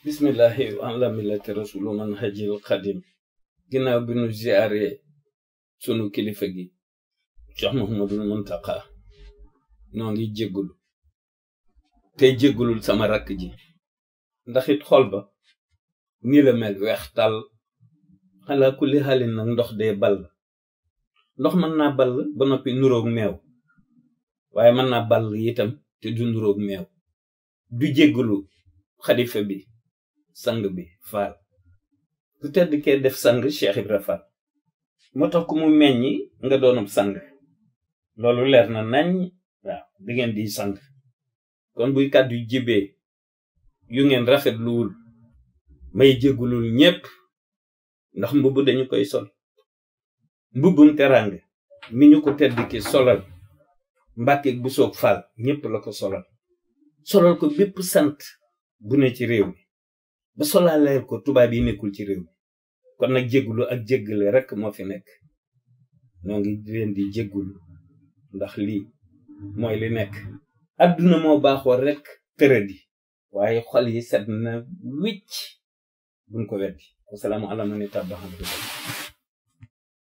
bismillahi wa ala millati rasulu man hajil xadim ginnaaw bi nu ziare sunu kilifa gi Cheikh Mouhamadul Muntaqa noo ngi jéggulu tey jéggulul sama rakk ji ndax xol ba ni la mel weex tàll xalaa kulli xaalin nag ndox dee ball ndox mën na ball ba noppi nuroog meew waaye mën naa ball itam te du nuroog meew du jéggulu xalifa bi sang bi faal ku tedd kee def sang Cheikh Ibra Fall moo ku mu meññi nga doonub sang loolu leer na nañ waaw di ngeen di sang kon buy kàddu yu jibee yu ngeen rafetluwul may jéggulul ñépp ndax mbubb dañu koy sol mbubbum terang mi ñu ko tedd ki solal mbàkkeeg bu soog faal ñépp la ko solal solal ko bépp sant bu ne ci réew mi ba solaaleel ko tubaab yi nekkul ci réew kon nag jéggulu ak jéggale rek moo fi nekk noo ngi leen di jéggulu ndax lii mooy li nekk adduna moo baaxoo rek tëradi waaye xol yi set na wicc buñ ko weddi wasalaamu ala man ittaba'a